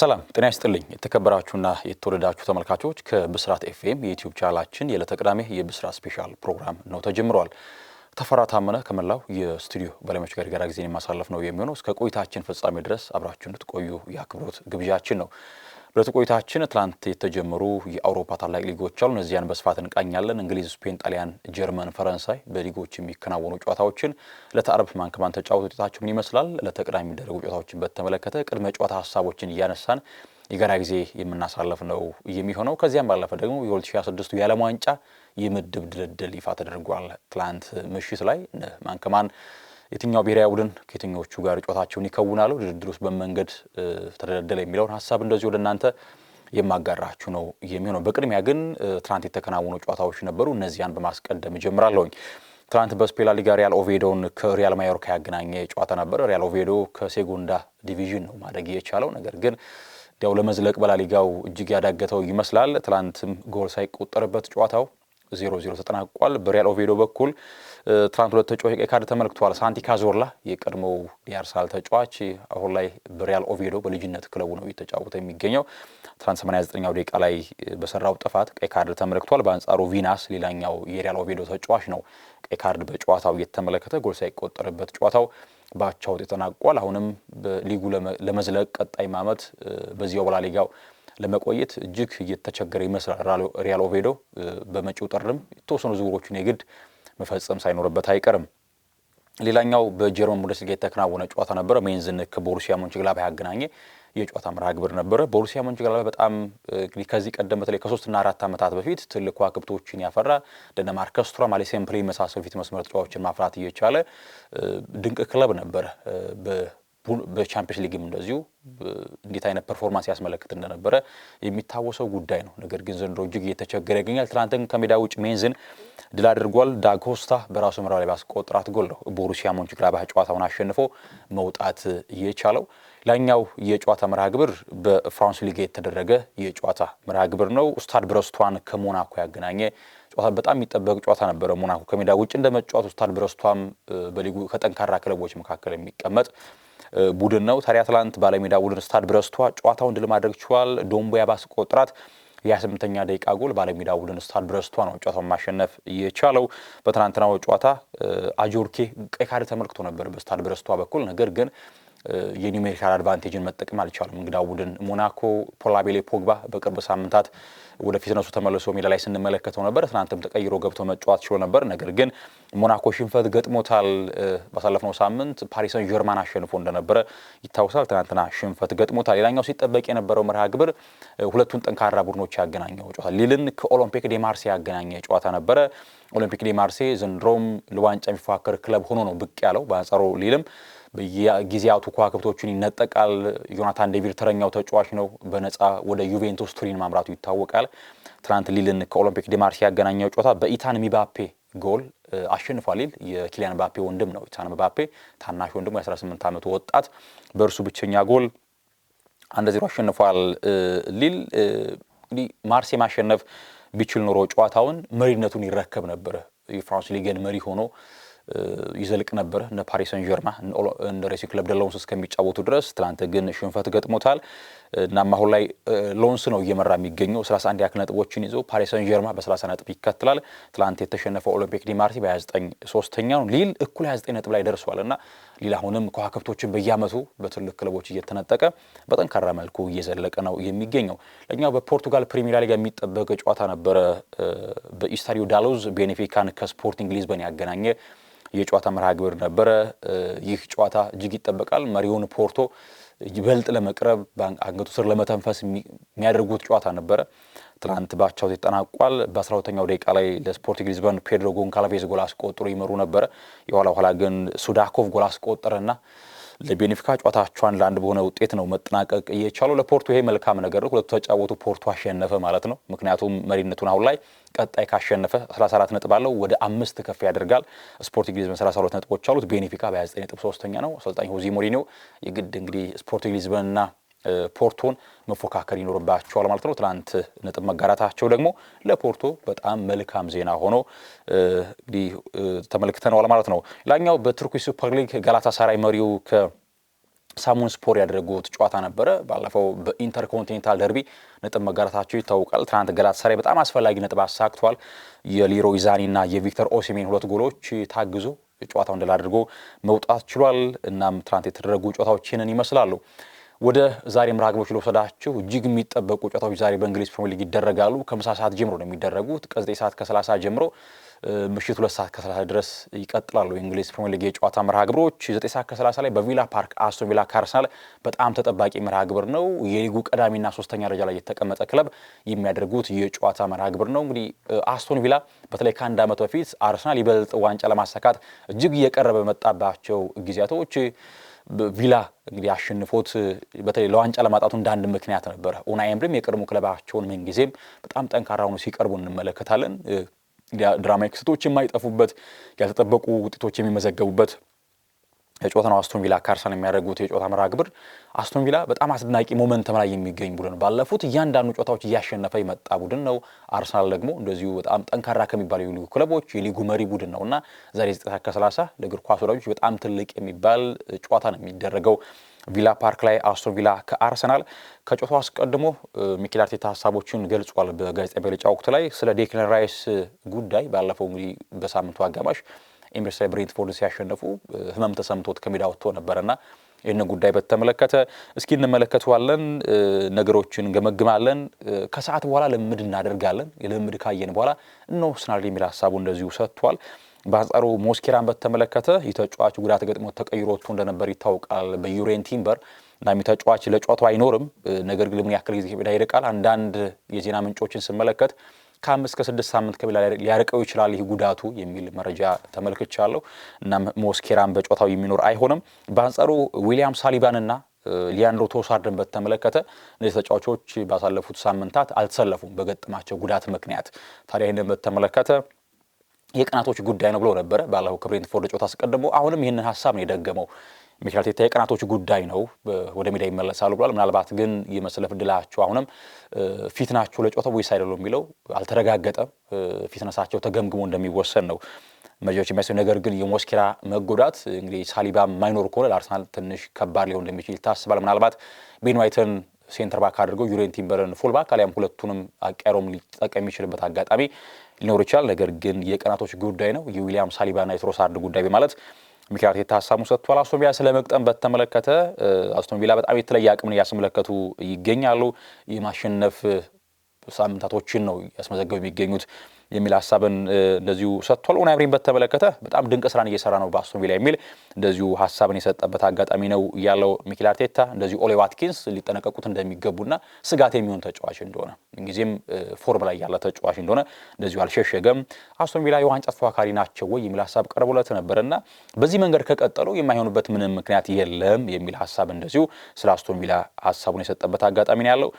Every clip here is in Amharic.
ሰላም ጤና ይስጥልኝ የተከበራችሁና የተወደዳችሁ ተመልካቾች ከብስራት ኤፍኤም የዩትዩብ ቻናላችን የዕለተ ቅዳሜ የብስራት ስፔሻል ፕሮግራም ነው ተጀምሯል። ተፈራ ታመነ ከመላው የስቱዲዮ ባለሙያዎች ጋር ጋራ ጊዜን የማሳለፍ ነው የሚሆነው። እስከ ቆይታችን ፍጻሜ ድረስ አብራችሁ እንድትቆዩ የአክብሮት ግብዣችን ነው። ሁለቱ ቆይታችን ትላንት የተጀመሩ የአውሮፓ ታላቅ ሊጎች አሉ። እነዚያን በስፋት እንቃኛለን። እንግሊዝ፣ ስፔን፣ ጣሊያን፣ ጀርመን፣ ፈረንሳይ በሊጎች የሚከናወኑ ጨዋታዎችን ለተአረብ ማንከማን ተጫወት ውጤታቸው ምን ይመስላል? ለተቀዳሚ የሚደረጉ ጨዋታዎችን በተመለከተ ቅድመ ጨዋታ ሀሳቦችን እያነሳን የጋራ ጊዜ የምናሳለፍ ነው የሚሆነው። ከዚያም ባለፈ ደግሞ የ 2026 የዓለም ዋንጫ የምድብ ድልድል ይፋ ተደርጓል። ትላንት ምሽት ላይ ማንከማን የትኛው ብሔራዊ ቡድን ከየትኞቹ ጋር ጨዋታቸውን ይከውናሉ፣ ድርድር ውስጥ በመንገድ ተደለደለ የሚለውን ሀሳብ እንደዚሁ ለእናንተ የማጋራችሁ ነው የሚሆነው። በቅድሚያ ግን ትናንት የተከናወኑ ጨዋታዎች ነበሩ። እነዚያን በማስቀደም እጀምራለሁኝ። ትናንት በስፔን ሊጋ ሪያል ኦቬዶን ከሪያል ማዮርካ ያገናኘ ጨዋታ ነበረ። ሪያል ኦቬዶ ከሴጎንዳ ዲቪዥን ነው ማደግ የቻለው። ነገር ግን ያው ለመዝለቅ በላሊጋው እጅግ ያዳገተው ይመስላል። ትላንትም ጎል ሳይቆጠርበት ጨዋታው ዜሮ ዜሮ ተጠናቋል። በሪያል ኦቬዶ በኩል ትናንት ሁለት ተጫዋች ቀይ ካርድ ተመልክቷል። ሳንቲ ካዞርላ የቀድሞው የአርሰናል ተጫዋች አሁን ላይ በሪያል ኦቪዶ በልጅነት ክለቡ ነው እየተጫወተ የሚገኘው። ትናንት 89ኛው ደቂቃ ላይ በሰራው ጥፋት ቀይ ካርድ ተመልክቷል። በአንጻሩ ቪናስ ሌላኛው የሪያል ኦቪዶ ተጫዋች ነው ቀይ ካርድ በጨዋታው እየተመለከተ ጎል ሳይቆጠርበት ጨዋታው በአቻ ተጠናቋል። አሁንም በሊጉ ለመዝለቅ ቀጣይ ማመት በዚያው በላሊጋው ለመቆየት እጅግ እየተቸገረ ይመስላል ሪያል ኦቬዶ። በመጪው ጥርም የተወሰኑ ዝውሮችን የግድ መፈጸም ሳይኖርበት አይቀርም። ሌላኛው በጀርመን ቡንደስሊጋ የተከናወነ ጨዋታ ነበረ። ሜንዝን ከቦሩሲያ ሞንችግላባ ያገናኘ የጨዋታ መርሃ ግብር ነበረ። ቦሩሲያ ሞንችግላባ በጣም እንግዲህ ከዚህ ቀደም በተለይ ከሶስትና አራት ዓመታት በፊት ትልቅ ከዋክብቶችን ያፈራ ደነማርክ ስቱራም፣ አሌክስ ሴምፕሊ መሳሰሉ ፊት መስመር ተጫዋቾችን ማፍራት እየቻለ ድንቅ ክለብ ነበረ። በቻምፒየንስ ሊግም እንደዚሁ እንዴት አይነት ፐርፎርማንስ ያስመለክት እንደነበረ የሚታወሰው ጉዳይ ነው። ነገር ግን ዘንድሮ እጅግ እየተቸገረ ይገኛል። ትናንትን ከሜዳ ውጭ ሜንዝን ድል አድርጓል። ዳጎስታ በራሱ ምራ ላይ ባስቆጥራት ጎል ነው ቦሩሲያ ሞንችግላባህ ጨዋታውን አሸንፎ መውጣት የቻለው። ላኛው የጨዋታ መርሃ ግብር በፍራንስ ሊግ የተደረገ የጨዋታ መርሃ ግብር ነው። ስታድ ብረስቷን ከሞናኮ ያገናኘ ጨዋታ በጣም የሚጠበቅ ጨዋታ ነበረ። ሞናኮ ከሜዳ ውጭ እንደ መጫወቱ ስታድ ብረስቷም በሊጉ ከጠንካራ ክለቦች መካከል የሚቀመጥ ቡድን ነው። ታዲያ ትላንት ባለሜዳ ቡድን ስታድ ብረስቷ ጨዋታውን ድል ማድረግ ችሏል። ዶምቡያ ባስቆጠራት የ28ኛ ደቂቃ ጎል ባለሜዳ ቡድን ስታድ ብረስቷ ነው ጨዋታውን ማሸነፍ የቻለው። በትናንትናው ጨዋታ አጆርኬ ቀይ ካርድ ተመልክቶ ነበር በስታድ ብረስቷ በኩል ነገር ግን የኒሜሪካል አድቫንቴጅን መጠቀም አልቻሉም። እንግዳ ቡድን ሞናኮ ፖላቤሌ ፖግባ በቅርብ ሳምንታት ወደ ፊትነሱ ተመልሶ ሜዳ ላይ ስንመለከተው ነበር። ትናንትም ተቀይሮ ገብቶ መጫወት ችሎ ነበር። ነገር ግን ሞናኮ ሽንፈት ገጥሞታል። ባሳለፍነው ሳምንት ፓሪሰን ጀርማን አሸንፎ እንደነበረ ይታወሳል። ትናንትና ሽንፈት ገጥሞታል። ሌላኛው ሲጠበቅ የነበረው መርሃ ግብር ሁለቱን ጠንካራ ቡድኖች ያገናኘው ጨዋታ ሊልን ከኦሎምፒክ ዴ ማርሴ ያገናኘ ጨዋታ ነበረ። ኦሎምፒክ ዴ ማርሴ ዘንድሮም ለዋንጫ የሚፎካከር ክለብ ሆኖ ነው ብቅ ያለው። በአንጻሩ ሊልም በየጊዜያቱ ከዋክብቶቹን ይነጠቃል። ዮናታን ዴቪድ ተረኛው ተጫዋች ነው። በነፃ ወደ ዩቬንቱስ ቱሪን ማምራቱ ይታወቃል። ትናንት ሊልን ከኦሎምፒክ ዲማርሲ ያገናኘው ጨዋታ በኢታን ሚባፔ ጎል አሸንፏል። ሊል የኪሊያን ባፔ ወንድም ነው። ኢታን ምባፔ ታናሽ ወንድሙ የ18 ዓመቱ ወጣት በእርሱ ብቸኛ ጎል አንድ ዜሮ አሸንፏል። ሊል እንግዲህ ማርሴ ማሸነፍ ቢችል ኖሮ ጨዋታውን መሪነቱን ይረከብ ነበረ የፍራንስ ሊገን መሪ ሆኖ ይዘልቅ ነበር እነ ፓሪስ ሰን ዠርማ እንደ ሬሲ ክለብ ደ ሎንስ እስከሚጫወቱ ድረስ። ትናንት ግን ሽንፈት ገጥሞታል። እናም አሁን ላይ ሎንስ ነው እየመራ የሚገኘው 31 ያክል ነጥቦችን ይዞ ፓሪስ ሰን ዠርማ በ30 ነጥብ ይከትላል። ትናንት የተሸነፈው ኦሎምፒክ ዲ በ29 ሶስተኛ ነው። ሊል እኩል 29 ነጥብ ላይ ደርሷል እና ሊል አሁንም ከዋክብቶችን በየአመቱ በትልቅ ክለቦች እየተነጠቀ በጠንካራ መልኩ እየዘለቀ ነው የሚገኘው። ለእኛው በፖርቱጋል ፕሪሚየር ሊግ የሚጠበቅ ጨዋታ ነበረ። በኢስታዲዮ ዳሎዝ ቤኔፊካን ከስፖርቲንግ ሊዝበን ያገናኘ የጨዋታ መርሃ ግብር ነበረ። ይህ ጨዋታ እጅግ ይጠበቃል። መሪውን ፖርቶ ይበልጥ ለመቅረብ አንገቱ ስር ለመተንፈስ የሚያደርጉት ጨዋታ ነበረ። ትናንት በአቻ ተጠናቋል። በ12ኛው ደቂቃ ላይ ለስፖርቲንግ ሊዝበን ፔድሮ ጎንካልቬዝ ጎል አስቆጥሮ ይመሩ ነበረ። የኋላ ኋላ ግን ሱዳኮቭ ጎል አስቆጠረና ለቤኒፊካ ጨዋታቸዋን ለአንድ በሆነ ውጤት ነው መጠናቀቅ እየቻሉ። ለፖርቱ ይሄ መልካም ነገር ሁለቱ ተጫወቱ፣ ፖርቱ አሸነፈ ማለት ነው። ምክንያቱም መሪነቱን አሁን ላይ ቀጣይ ካሸነፈ 34 ነጥብ አለው፣ ወደ አምስት ከፍ ያደርጋል። ስፖርቲንግ ሊዝበን 32 ነጥቦች አሉት፣ ቤኒፊካ በ29 ነጥብ ሶስተኛ ነው። አሰልጣኝ ሆዜ ሞሪኒዮ የግድ እንግዲህ ስፖርቲንግ ሊዝበንና ፖርቶን መፎካከር ይኖርባቸዋል ማለት ነው። ትናንት ነጥብ መጋራታቸው ደግሞ ለፖርቶ በጣም መልካም ዜና ሆኖ እንግዲህ ተመልክተነዋል ማለት ነው። ላኛው በቱርክ ሱፐር ሊግ ጋላታ ሳራይ መሪው ሳሙን ስፖር ያደረጉት ጨዋታ ነበረ። ባለፈው በኢንተርኮንቲኔንታል ደርቢ ነጥብ መጋራታቸው ይታወቃል። ትናንት ጋላታ ሳራይ በጣም አስፈላጊ ነጥብ አሳክቷል። የሊሮይ ዛኔና የቪክተር ኦሲሜን ሁለት ጎሎች ታግዞ ጨዋታው እንደላ አድርጎ መውጣት ችሏል። እናም ትናንት የተደረጉ ጨዋታዎች ይህንን ይመስላሉ። ወደ ዛሬ መርሃ ግብሮች እጅግ የሚጠበቁ ጨዋታዎች ዛሬ በእንግሊዝ ፕሪሚየር ሊግ ይደረጋሉ። ከምሳ ሰዓት ጀምሮ ነው የሚደረጉት። ከ9 ሰዓት ከ30 ጀምሮ ምሽት ሁለት ሰዓት ከ30 ድረስ ይቀጥላሉ የእንግሊዝ ፕሪሚየር ሊግ የጨዋታ መርሃ ግብሮች። 9 ሰዓት ከ30 ላይ በቪላ ፓርክ አስቶን ቪላ ካርሰናል በጣም ተጠባቂ መርሃ ግብር ነው። የሊጉ ቀዳሚና ሶስተኛ ደረጃ ላይ የተቀመጠ ክለብ የሚያደርጉት የጨዋታ መርሃ ግብር ነው። እንግዲህ አስቶን ቪላ በተለይ ከአንድ ዓመት በፊት አርሰናል ይበልጥ ዋንጫ ለማሳካት እጅግ እየቀረበ መጣባቸው ጊዜያቶች ቪላ እንግዲህ አሸንፎት በተለይ ለዋንጫ ለማጣቱ እንዳንድ ምክንያት ነበረ። ኡናይ ኤምሪም የቀድሞ ክለባቸውን ምንጊዜም በጣም ጠንካራ ሆኖ ሲቀርቡ እንመለከታለን። ድራማዊ ክስቶች የማይጠፉበት ያልተጠበቁ ውጤቶች የሚመዘገቡበት የጨዋታን አስቶን ቪላ ካርሰን የሚያደርጉት የጨዋታ መርሃ ግብር አስቶን ቪላ በጣም አስደናቂ ሞመንተም ላይ የሚገኝ ቡድን ባለፉት እያንዳንዱ ጨዋታዎች እያሸነፈ የመጣ ቡድን ነው። አርሰናል ደግሞ እንደዚሁ በጣም ጠንካራ ከሚባሉ የሊጉ ክለቦች የሊጉ መሪ ቡድን ነው እና ዛሬ 9 ከ30 ለእግር ኳስ ወዳጆች በጣም ትልቅ የሚባል ጨዋታ ነው የሚደረገው ቪላ ፓርክ ላይ አስቶን ቪላ ከአርሰናል። ከጨዋታው አስቀድሞ ሚኬል አርቴታ ሀሳቦችን ገልጿል በጋዜጣ መግለጫ ወቅት ላይ ስለ ዴክለን ራይስ ጉዳይ ባለፈው እንግዲህ በሳምንቱ አጋማሽ ኤምሬትስ ላይ ብሬንትፎርድን ሲያሸንፉ ህመም ተሰምቶት ከሜዳ ወጥቶ ነበርና ይህንን ጉዳይ በተመለከተ እስኪ እንመለከተዋለን፣ ነገሮችን እንገመግማለን። ከሰዓት በኋላ ልምድ እናደርጋለን። የልምድ ካየን በኋላ እንወስናለን የሚል ሀሳቡ እንደዚሁ ሰጥቷል። በአንጻሩ ሞስኬራን በተመለከተ የተጫዋች ጉዳት ገጥሞ ተቀይሮ ወጥቶ እንደነበር ይታወቃል በዩሬን ቲምበር እናም የተጫዋች ለጨዋታው አይኖርም። ነገር ግን ምን ያክል ጊዜ ሜዳ ይርቃል? አንዳንድ የዜና ምንጮችን ስመለከት ከአምስት ስድስት ሳምንት ከቤላ ሊያርቀው ይችላል ይህ ጉዳቱ የሚል መረጃ ተመልክቻለሁ። እናም ሞስኬራን በጨዋታው የሚኖር አይሆንም። በአንጻሩ ዊሊያም ሳሊባንና ሊያንድሮ ቶሳርድን በተመለከተ እነዚህ ተጫዋቾች ባሳለፉት ሳምንታት አልተሰለፉም በገጠማቸው ጉዳት ምክንያት። ታዲያ ይህንን በተመለከተ የቀናቶች ጉዳይ ነው ብሎ ነበረ ባለፈው ከብሬንትፎርድ ጨዋታ አስቀድሞ። አሁንም ይህንን ሀሳብ ነው የደገመው። ሚኬል አርቴታ የቀናቶች ጉዳይ ነው ወደ ሜዳ ይመለሳሉ ብሏል። ምናልባት ግን የመሰለፍ እድላቸው አሁንም ፊት ናቸው ለጨዋታው ወይስ አይደሉም የሚለው አልተረጋገጠም። ፊትነሳቸው ተገምግሞ እንደሚወሰን ነው መጃዎች የሚያሳዩ። ነገር ግን የሞስኬራ መጎዳት እንግዲህ ሳሊባ ማይኖር ከሆነ ለአርሰናል ትንሽ ከባድ ሊሆን እንደሚችል ይታስባል። ምናልባት ቤን ዋይትን ሴንተር ባክ አድርገው ዩሬን ቲምበርን ፉል ባክ አሊያም ሁለቱንም አቀሮም ሊጠቀም የሚችልበት አጋጣሚ ሊኖር ይችላል። ነገር ግን የቀናቶች ጉዳይ ነው የዊሊያም ሳሊባና የትሮሳርድ ጉዳይ በማለት ሚኬል አርቴታ ሀሳቡን ሰጥቷል። አስቶን ቪላ ስለ መቅጠም በተመለከተ አስቶን ቪላ በጣም የተለየ አቅምን እያስመለከቱ ይገኛሉ። የማሸነፍ ሳምንታቶችን ነው ያስመዘገቡ የሚገኙት የሚል ሀሳብን እንደዚሁ ሰጥቷል። ኡናይ ኤምሪን በተመለከተ በጣም ድንቅ ስራን እየሰራ ነው በአስቶን ቪላ የሚል እንደዚሁ ሀሳብን የሰጠበት አጋጣሚ ነው ያለው ሚኬል አርቴታ እንደዚሁ ኦሌ ዋትኪንስ ሊጠነቀቁት እንደሚገቡና ስጋት የሚሆን ተጫዋች እንደሆነ ጊዜም ፎርም ላይ ያለ ተጫዋች እንደሆነ እንደዚሁ አልሸሸገም። አስቶን ቪላ የዋንጫ ተፎካካሪ ናቸው ወይ የሚል ሀሳብ ቀርቦለት ነበርና በዚህ መንገድ ከቀጠሉ የማይሆኑበት ምንም ምክንያት የለም የሚል ሀሳብ እንደዚሁ ስለ አስቶን ቪላ ሀሳቡን የሰጠበት አጋጣሚ ነው ያለው።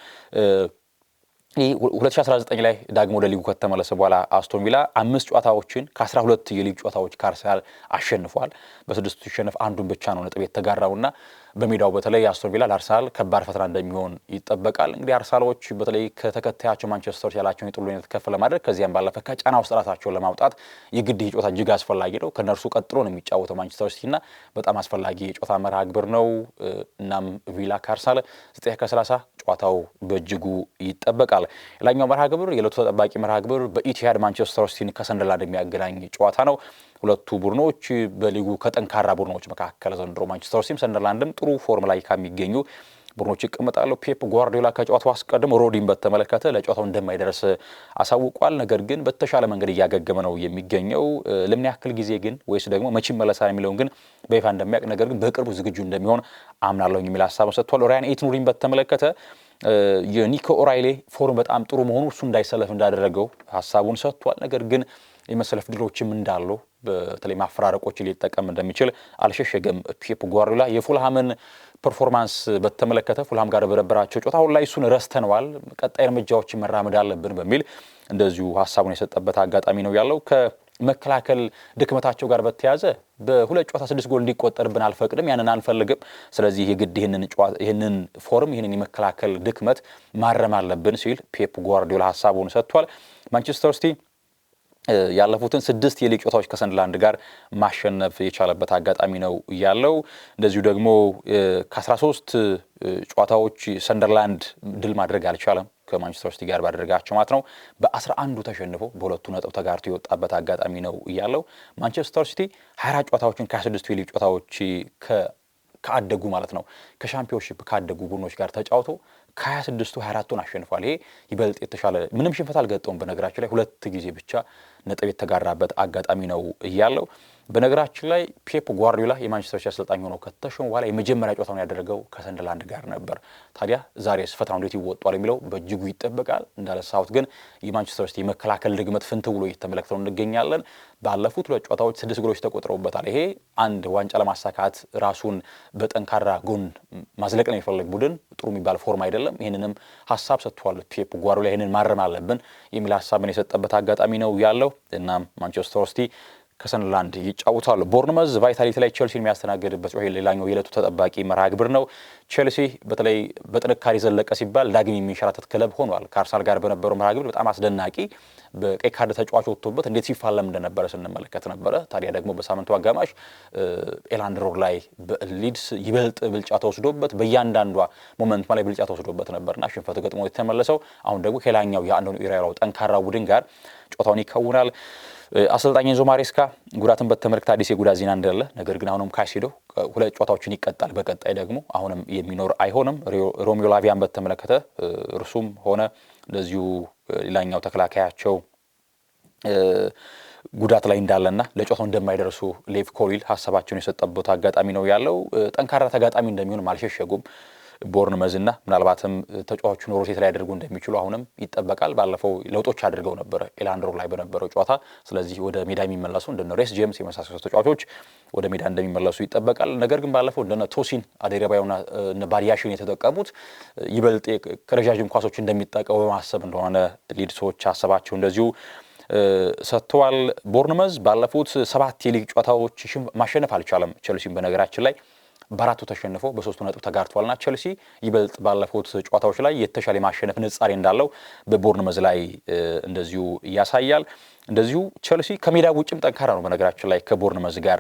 2019 ላይ ዳግሞ ወደ ሊጉ ከተመለሰ በኋላ አስቶን ቪላ አምስት ጨዋታዎችን ከ12 የሊግ ጨዋታዎች ከአርሰናል አሸንፏል። በስድስቱ ሲሸነፍ አንዱን ብቻ ነው ነጥብ ና በሜዳው በተለይ አስቶን ቪላ ለአርሰናል ከባድ ፈተና እንደሚሆን ይጠበቃል። እንግዲህ አርሰናሎች በተለይ ከተከታያቸው ማንቸስተር ያላቸውን የጥሉነት ከፍ ለማድረግ ከዚያም ባለፈ ከጫና ውስጥ ራሳቸውን ለማውጣት የግድ ጨዋታ እጅግ አስፈላጊ ነው። ከእነርሱ ቀጥሎ ነው የሚጫወተው ማንቸስተር ሲቲና በጣም አስፈላጊ የጨዋታ መርሃ ግብር ነው። እናም ቪላ ከአርሰናል 9 ከ30 ጨዋታው በእጅጉ ይጠበቃል። ሌላኛው መርሃ ግብር የዕለቱ ተጠባቂ መርሃ ግብር ማንቸስተር ሲቲን ከሰንደርላንድ የሚያገናኝ ጨዋታ ነው። ሁለቱ ቡድኖች በሊጉ ከጠንካራ ቡድኖች መካከል ዘንድሮ ማንቸስተር ሲቲም ሰንደርላንድም ጥሩ ፎርም ላይ ከሚገኙ ቡድኖች ይቀመጣሉ። ፔፕ ጓርዲዮላ ከጨዋታው አስቀድሞ ሮዲን በተመለከተ ለጨዋታው እንደማይደርስ አሳውቋል። ነገር ግን በተሻለ መንገድ እያገገመ ነው የሚገኘው። ለምን ያክል ጊዜ ግን ወይስ ደግሞ መቼ ይመለሳል የሚለውን ግን በይፋ እንደሚያውቅ ነገር ግን በቅርቡ ዝግጁ እንደሚሆን አምናለሁኝ የሚል ሀሳብ ሰጥቷል። ራያን ኤት ኑሪን በተመለከተ የኒኮ ኦራይሌ ፎርም በጣም ጥሩ መሆኑ እሱ እንዳይሰለፍ እንዳደረገው ሀሳቡን ሰጥቷል። ነገር ግን የመሰለፍ ድሎችም እንዳሉ በተለይ ማፈራረቆች ሊጠቀም እንደሚችል አልሸሸገም ፔፕ ጓርዲዮላ። የፉልሃምን ፐርፎርማንስ በተመለከተ ፉልሃም ጋር በነበራቸው ጨዋታ አሁን ላይ እሱን ረስተነዋል፣ ቀጣይ እርምጃዎችን መራመድ አለብን በሚል እንደዚሁ ሀሳቡን የሰጠበት አጋጣሚ ነው ያለው። ከመከላከል ድክመታቸው ጋር በተያያዘ በሁለት ጨዋታ ስድስት ጎል እንዲቆጠርብን አልፈቅድም፣ ያንን አንፈልግም። ስለዚህ የግድ ይህንን ፎርም ይህንን የመከላከል ድክመት ማረም አለብን ሲል ፔፕ ጓርዲዮላ ሀሳቡን ሰጥቷል። ማንቸስተር ሲቲ ያለፉትን ስድስት የሊግ ጨዋታዎች ከሰንደርላንድ ጋር ማሸነፍ የቻለበት አጋጣሚ ነው ያለው። እንደዚሁ ደግሞ ከ13 ጨዋታዎች ሰንደርላንድ ድል ማድረግ አልቻለም ከማንቸስተር ሲቲ ጋር ባደረጋቸው ማለት ነው። በአስራ አንዱ ተሸንፎ በሁለቱ ነጥብ ተጋርቶ የወጣበት አጋጣሚ ነው እያለው ማንቸስተር ሲቲ 24 ጨዋታዎችን ከ26ቱ የሊግ ጨዋታዎች ከአደጉ ማለት ነው ከሻምፒዮንሽፕ ካደጉ ቡድኖች ጋር ተጫውቶ ከ26ቱ 24ቱን አሸንፏል ይሄ ይበልጥ የተሻለ ምንም ሽንፈት አልገጠውም። በነገራችን ላይ ሁለት ጊዜ ብቻ ነጥብ የተጋራበት አጋጣሚ ነው እያለው በነገራችን ላይ ፔፕ ጓርዲዮላ የማንቸስተር ሲቲ አሰልጣኝ ሆነው ከተሾሙ በኋላ የመጀመሪያ ጨዋታውን ያደረገው ከሰንደርላንድ ጋር ነበር። ታዲያ ዛሬ ስፈታው እንዴት ይወጧል የሚለው በእጅጉ ይጠበቃል። እንዳለሳሁት ግን የማንቸስተር ሲቲ የመከላከል ድግመት ፍንት ብሎ እየተመለከተው እንገኛለን። ባለፉት ሁለት ጨዋታዎች ስድስት ጎሎች ተቆጥረውበታል። ይሄ አንድ ዋንጫ ለማሳካት ራሱን በጠንካራ ጎን ማዝለቅ ነው የሚፈልግ ቡድን ጥሩ የሚባል ፎርም አይደለም። ይህንንም ሀሳብ ሰጥቷል ፔፕ ጓርዲዮላ ይህንን ማረም አለብን የሚል ሀሳብን የሰጠበት አጋጣሚ ነው ያለው። እናም ማንቸስተር ሲቲ ከሰንላንድ ይጫወታሉ። ቦርንመዝ ቫይታሊቲ ላይ ቼልሲን የሚያስተናግድበት ጮሄ ሌላኛው የዕለቱ ተጠባቂ መርሃ ግብር ነው። ቼልሲ በተለይ በጥንካሬ ዘለቀ ሲባል ዳግም የሚንሸራተት ክለብ ሆኗል። ከአርሰናል ጋር በነበረው መርሃ ግብር በጣም አስደናቂ በቀይ ካርድ ተጫዋች ወጥቶበት እንዴት ሲፋለም እንደነበረ ስንመለከት ነበረ። ታዲያ ደግሞ በሳምንቱ አጋማሽ ኤላንድሮር ላይ በሊድስ ይበልጥ ብልጫ ተወስዶበት በእያንዳንዷ ሞመንት ላይ ብልጫ ተወስዶበት ነበርና ሽንፈቱ ገጥሞ የተመለሰው አሁን ደግሞ ከሌላኛው የአንዶኒ ኢራኦላው ጠንካራ ቡድን ጋር ጨዋታውን ይከውናል። አሰልጣኝ ኤንዞ ማሬስካ ጉዳትን በተመለከተ አዲስ የጉዳት ዜና እንዳለ፣ ነገር ግን አሁንም ካይሴዶ ሁለት ጨዋታዎችን ይቀጣል። በቀጣይ ደግሞ አሁንም የሚኖር አይሆንም። ሮሚዮ ላቪያን በተመለከተ እርሱም ሆነ እንደዚሁ ሌላኛው ተከላካያቸው ጉዳት ላይ እንዳለና ለጨዋታው እንደማይደርሱ ሌቭ ኮሊል ሀሳባቸውን የሰጠበት አጋጣሚ ነው ያለው። ጠንካራ ተጋጣሚ እንደሚሆን አልሸሸጉም። ቦርንመዝና ምናልባትም ተጫዋቹ ሴት ላይ አድርጎ እንደሚችሉ አሁንም ይጠበቃል። ባለፈው ለውጦች አድርገው ነበረ ኤላንድሮ ላይ በነበረው ጨዋታ። ስለዚህ ወደ ሜዳ የሚመለሱ እንደነ ሬስ ጄምስ የመሳሰሉ ተጫዋቾች ወደ ሜዳ እንደሚመለሱ ይጠበቃል። ነገር ግን ባለፈው እንደነ ቶሲን አዴረባዮና እነ የተጠቀሙት ይበልጥ ከረዣዥም ኳሶች እንደሚጠቀሙ በማሰብ እንደሆነ ሊድሶች አሰባቸው እንደዚሁ ሰጥተዋል። ቦርንመዝ ባለፉት ሰባት የሊግ ጨዋታዎች ማሸነፍ አልቻለም ቸልሲን በነገራችን ላይ በአራቱ ተሸንፎ በሶስቱ ነጥብ ተጋርቷልና ቸልሲ ይበልጥ ባለፉት ጨዋታዎች ላይ የተሻለ የማሸነፍ ንጻሬ እንዳለው በቦርንመዝ ላይ እንደዚሁ ያሳያል። እንደዚሁ ቸልሲ ከሜዳ ውጭም ጠንካራ ነው። በነገራችን ላይ ከቦርንመዝ ጋር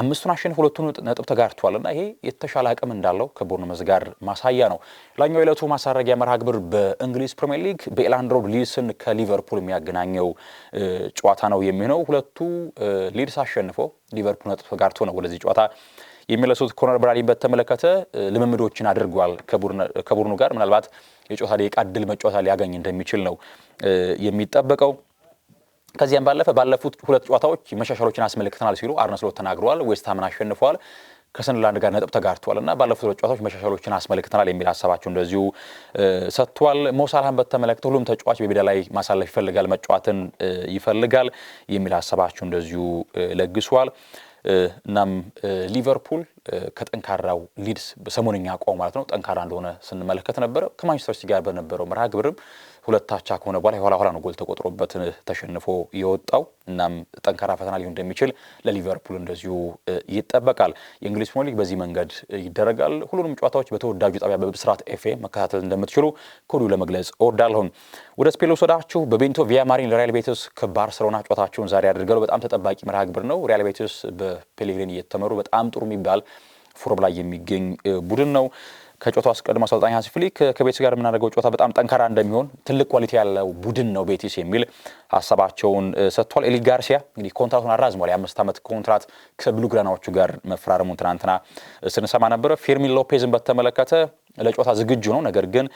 አምስቱን አሸንፍ ሁለቱን ነጥብ ተጋርቷልና ይሄ የተሻለ አቅም እንዳለው ከቦርንመዝ ጋር ማሳያ ነው። ላኛው የዕለቱ ማሳረጊያ መርሃ ግብር በእንግሊዝ ፕሪምየር ሊግ በኤላንድ ሮድ ሊድስን ከሊቨርፑል የሚያገናኘው ጨዋታ ነው የሚሆነው። ሁለቱ ሊድስ አሸንፎ ሊቨርፑል ነጥብ ተጋርቶ ነው ወደዚህ ጨዋታ የሚለሱት ኮነር ብራድሊን በተመለከተ ልምምዶችን አድርጓል ከቡድኑ ጋር ምናልባት የጨዋታ ደቂቃ እድል መጫወታ ሊያገኝ እንደሚችል ነው የሚጠበቀው። ከዚያም ባለፈ ባለፉት ሁለት ጨዋታዎች መሻሻሎችን አስመልክተናል ሲሉ አርነ ስሎት ተናግረዋል። ዌስትሃምን አሸንፈዋል ከሰንደርላንድ ጋር ነጥብ ተጋርተዋል እና ባለፉት ሁለት ጨዋታዎች መሻሻሎችን አስመልክተናል የሚል ሀሳባቸው እንደዚሁ ሰጥቷል። ሞሳላህን በተመለከተ ሁሉም ተጫዋች በሜዳ ላይ ማሳለፍ ይፈልጋል፣ መጫዋትን ይፈልጋል የሚል ሀሳባቸው እንደዚሁ ለግሷል። እናም ሊቨርፑል ከጠንካራው ሊድስ ሰሞንኛ አቋሙ ማለት ነው ጠንካራ እንደሆነ ስንመለከት ነበረ። ከማንቸስተር ሲቲ ጋር በነበረው መርሃ ግብርም ሁለት አቻ ከሆነ በኋላ የኋላ ኋላ ነው ጎል ተቆጥሮበት ተሸንፎ የወጣው። እናም ጠንካራ ፈተና ሊሆን እንደሚችል ለሊቨርፑል እንደዚሁ ይጠበቃል። የእንግሊዝ ፕሪሚየር ሊግ በዚህ መንገድ ይደረጋል። ሁሉንም ጨዋታዎች በተወዳጁ ጣቢያ በብስራት ኤፍ መከታተል እንደምትችሉ ከወዲሁ ለመግለጽ እወዳለሁኝ። ወደ ስፔን ልውሰዳችሁ። በቤኒቶ ቪያማሪን ለሪያል ቤቲስ ከባርሰሎና ጨዋታቸውን ዛሬ ያደርጋሉ። በጣም ተጠባቂ መርሃ ግብር ነው። ሪያል ቤቲስ በፔሌግሪን እየተመሩ በጣም ጥሩ የሚባል ፎርም ላይ የሚገኝ ቡድን ነው። ከጮታው አስቀድሞ አሰልጣኝ ሃንሲ ፍሊክ ከቤቲስ ጋር የምናደርገው ጮታ በጣም ጠንካራ እንደሚሆን ትልቅ ኳሊቲ ያለው ቡድን ነው ቤቲስ የሚል ሀሳባቸውን ሰጥቷል። ኤሊ ጋርሲያ እንግዲህ ኮንትራቱን አራዝሟል። የአምስት ዓመት ኮንትራት ከብሉግራናዎቹ ጋር መፈራረሙን ትናንትና ስንሰማ ነበረ። ፌርሚን ሎፔዝን በተመለከተ ለጨዋታ ዝግጁ ነው። ነገር ግን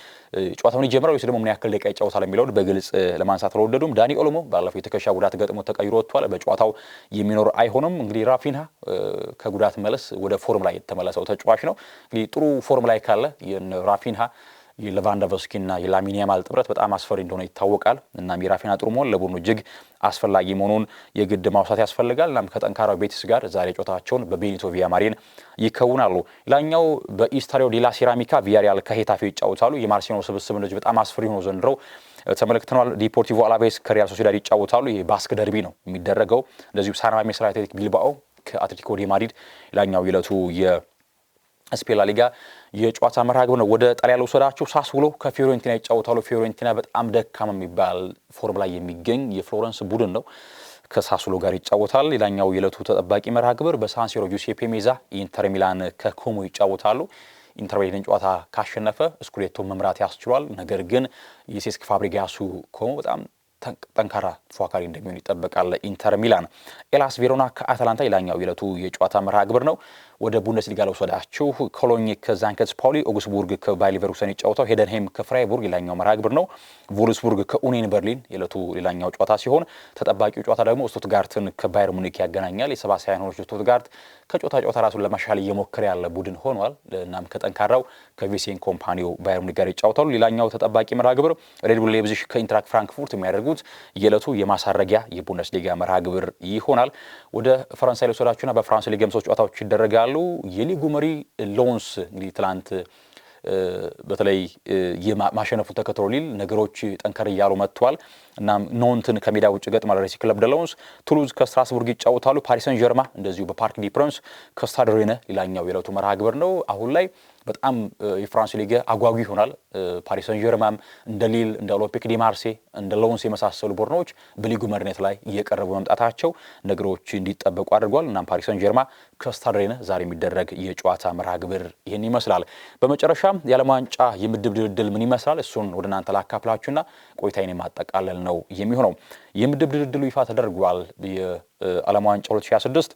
ጨዋታውን ይጀምራል ወይስ ደግሞ ምን ያክል ደቂቃ ይጫወታል የሚለውን በግልጽ ለማንሳት አልወደዱም። ዳኒ ኦሎሞ ባለፈው የትከሻ ጉዳት ገጥሞ ተቀይሮ ወጥቷል። በጨዋታው የሚኖር አይሆንም። እንግዲህ ራፊንሃ ከጉዳት መለስ ወደ ፎርም ላይ የተመለሰው ተጫዋች ነው። እንግዲህ ጥሩ ፎርም ላይ ካለ ራፊንሃ ና የላሚን ያማል ጥምረት በጣም አስፈሪ እንደሆነ ይታወቃል። እናም የራፊና ጥሩ መሆን ለቡድኑ እጅግ አስፈላጊ መሆኑን የግድ ማውሳት ያስፈልጋል። እናም ከጠንካራው ቤቲስ ጋር ዛሬ ጨዋታቸውን በቤኒቶ ቪያማሪን ይከውናሉ። ሌላኛው በኢስታዲዮ ዴላ ሴራሚካ ቪያሪያል ከሄታፌ ይጫወታሉ። የማርሲኖ ስብስብ ልጅ በጣም አስፈሪ ሆኖ ዘንድረው ተመልክተናል። ዲፖርቲቮ አላቬስ ከሪያል ሶሲዳድ ይጫወታሉ። ይህ ባስክ ደርቢ ነው የሚደረገው። እንደዚሁ ሳን ማሜስ ከአትሌቲክ ቢልባኦ ከአትሌቲኮ ዲ ማድሪድ ሌላኛው የ ስፔን ላሊጋ የጨዋታ መርሃ ግብር ነው። ወደ ጣሊያን ልውሰዳችሁ። ሳሱሎ ከፊዮሬንቲና ይጫወታሉ። ፊዮሬንቲና በጣም ደካማ የሚባል ፎርም ላይ የሚገኝ የፍሎረንስ ቡድን ነው። ከሳሱሎ ጋር ይጫወታል። ሌላኛው የዕለቱ ተጠባቂ መርሃ ግብር በሳንሲሮ ጁሴፔ ሜዛ ኢንተር ሚላን ከኮሞ ይጫወታሉ። ኢንተር ሚላንን ጨዋታ ካሸነፈ ስኩዴቶ መምራት ያስችሏል። ነገር ግን የሴስክ ፋብሪጋሱ ኮሞ በጣም ጠንካራ ተፎካካሪ እንደሚሆን ይጠበቃል። ኢንተር ሚላን ኤላስ ቬሮና ከአታላንታ ሌላኛው የዕለቱ የጨዋታ መርሃ ግብር ነው። ወደ ቡንደስሊጋ ለውሰዳችሁ ኮሎኝ ከዛንከትስ ፓውሊ፣ ኦግስቡርግ ከባየር ሌቨርኩሰን ይጫወታው፣ ሄደንሄም ከፍራይቡርግ ሌላኛው መርሃ ግብር ነው። ቮልስቡርግ ከኡኒን በርሊን የዕለቱ ሌላኛው ጨዋታ ሲሆን ተጠባቂው ጨዋታ ደግሞ ስቱትጋርትን ከባየር ሙኒክ ያገናኛል። የሰባሳያኖች ስቱትጋርት ከጨዋታ ጨዋታ ራሱን ለማሻል እየሞከረ ያለ ቡድን ሆኗል። እናም ከጠንካራው ከቪሴን ኮምፓኒው ባየር ሙኒክ ጋር ይጫወታሉ። ሌላኛው ተጠባቂ መርሃ ግብር ሬድቡል ሌብዚሽ ከኢንትራክ ፍራንክፉርት የሚያደርጉት የዕለቱ የማሳረጊያ የቡንደስሊጋ መርሃ ግብር ይሆናል። ወደ ፈረንሳይ ለውሰዳችሁና በፍራንስ ሊግ የምሶች ጨዋታዎች ይደረጋል። ይችላሉ። የሊጉ መሪ ሎንስ እንግዲህ ትላንት በተለይ የማሸነፉ ተከትሎ ሊል ነገሮች ጠንከር እያሉ መጥተዋል። እናም ኖንትን ከሜዳ ውጭ ገጥማ ለሬሲ ክለብ ደለውንስ ቱሉዝ ከስትራስቡርግ ይጫወታሉ። ፓሪሰን ጀርማ እንደዚሁ በፓርክ ዲ ፕሮንስ ከስታድ ሌላኛው የዕለቱ መርሃ ግብር ነው። አሁን ላይ በጣም የፍራንስ ሊግ አጓጊ ይሆናል። ፓሪስ ሰን ጀርማም እንደ ሊል፣ እንደ ኦሎምፒክ ዲ ማርሴ፣ እንደ ሎንስ የመሳሰሉ ቡድኖች በሊጉ መሪነት ላይ እየቀረቡ መምጣታቸው ነገሮች እንዲጠበቁ አድርጓል። እናም ፓሪስ ሰን ጀርማ ከስታድሬነ ዛሬ የሚደረግ የጨዋታ መርሃ ግብር ይህን ይመስላል። በመጨረሻም የዓለም ዋንጫ የምድብ ድልድል ምን ይመስላል? እሱን ወደ እናንተ ላካፍላችሁና ቆይታዬን ማጠቃለል ነው የሚሆነው። የምድብ ድልድሉ ይፋ ተደርጓል። የዓለም ዋንጫ 2026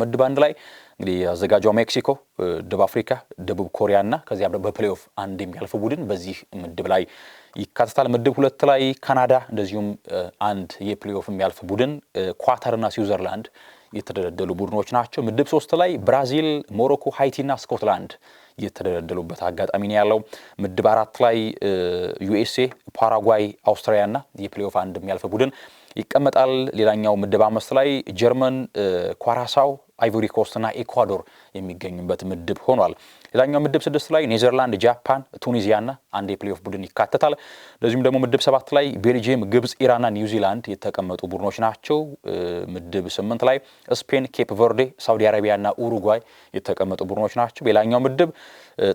ምድብ አንድ ላይ እንግዲህ አዘጋጇ ሜክሲኮ፣ ደቡብ አፍሪካ፣ ደቡብ ኮሪያ እና ከዚያ በፕሌኦፍ አንድ የሚያልፍ ቡድን በዚህ ምድብ ላይ ይካተታል። ምድብ ሁለት ላይ ካናዳ እንደዚሁም አንድ የፕሌኦፍ የሚያልፍ ቡድን ኳታርና ስዊዘርላንድ የተደለደሉ ቡድኖች ናቸው። ምድብ ሶስት ላይ ብራዚል፣ ሞሮኮ፣ ሃይቲና ስኮትላንድ የተደለደሉበት አጋጣሚ ነው ያለው። ምድብ አራት ላይ ዩኤስኤ፣ ፓራጓይ፣ አውስትራሊያና የፕሌኦፍ አንድ የሚያልፍ ቡድን ይቀመጣል። ሌላኛው ምድብ አምስት ላይ ጀርመን፣ ኳራሳው፣ አይቮሪ ኮስት እና ኤኳዶር የሚገኙበት ምድብ ሆኗል። ሌላኛው ምድብ ስድስት ላይ ኔዘርላንድ፣ ጃፓን፣ ቱኒዚያ ና አንድ የፕሌኦፍ ቡድን ይካተታል። እንደዚሁም ደግሞ ምድብ ሰባት ላይ ቤልጅየም፣ ግብፅ፣ ኢራንና ኒውዚላንድ የተቀመጡ ቡድኖች ናቸው። ምድብ ስምንት ላይ ስፔን፣ ኬፕ ቨርዴ፣ ሳውዲ ና ኡሩጓይ የተቀመጡ ቡድኖች ናቸው። ሌላኛው ምድብ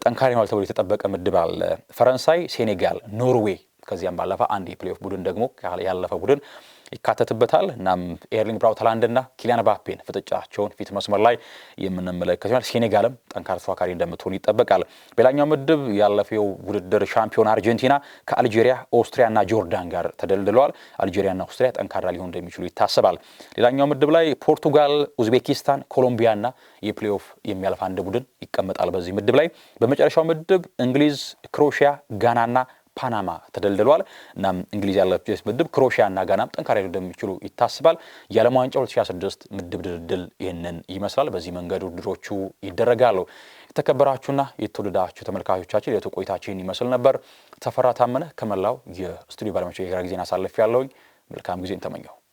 ጠንካሪ ሆኗል ተብሎ የተጠበቀ ምድብ አለ። ፈረንሳይ፣ ሴኔጋል፣ ኖርዌይ ከዚያም ባለፈ አንድ የፕሌኦፍ ቡድን ደግሞ ያለፈ ቡድን ይካተትበታል። እናም ኤርሊንግ ብራውት ሃላንድና ኪሊያን ባፔን ፍጥጫቸውን ፊት መስመር ላይ የምንመለከት ይሆናል። ሴኔጋልም ጠንካራ ተፎካካሪ እንደምትሆን ይጠበቃል። በሌላኛው ምድብ ያለፈው ውድድር ሻምፒዮን አርጀንቲና ከአልጄሪያ ኦስትሪያና ጆርዳን ጋር ተደልድለዋል። አልጄሪያና ኦስትሪያ ጠንካራ ሊሆን እንደሚችሉ ይታሰባል። ሌላኛው ምድብ ላይ ፖርቱጋል፣ ኡዝቤኪስታን፣ ኮሎምቢያና የፕሌኦፍ የሚያልፍ አንድ ቡድን ይቀመጣል። በዚህ ምድብ ላይ በመጨረሻው ምድብ እንግሊዝ፣ ክሮኤሽያ፣ ጋናና ፓናማ ተደልድሏል። እናም እንግሊዝ ያለበት ምድብ ክሮኤሽያ እና ጋናም ጠንካራ እንደሚችሉ ይታስባል። የዓለም ዋንጫ 2026 ምድብ ድልድል ይህንን ይመስላል። በዚህ መንገድ ውድድሮቹ ይደረጋሉ። የተከበራችሁና የተወደዳችሁ ተመልካቾቻችን የቱ ቆይታችን ይመስል ነበር። ተፈራ ታመነ ከመላው የስቱዲዮ ባለሙያዎች የጋራ ጊዜን አሳልፍ ያለውኝ መልካም ጊዜን ተመኘው።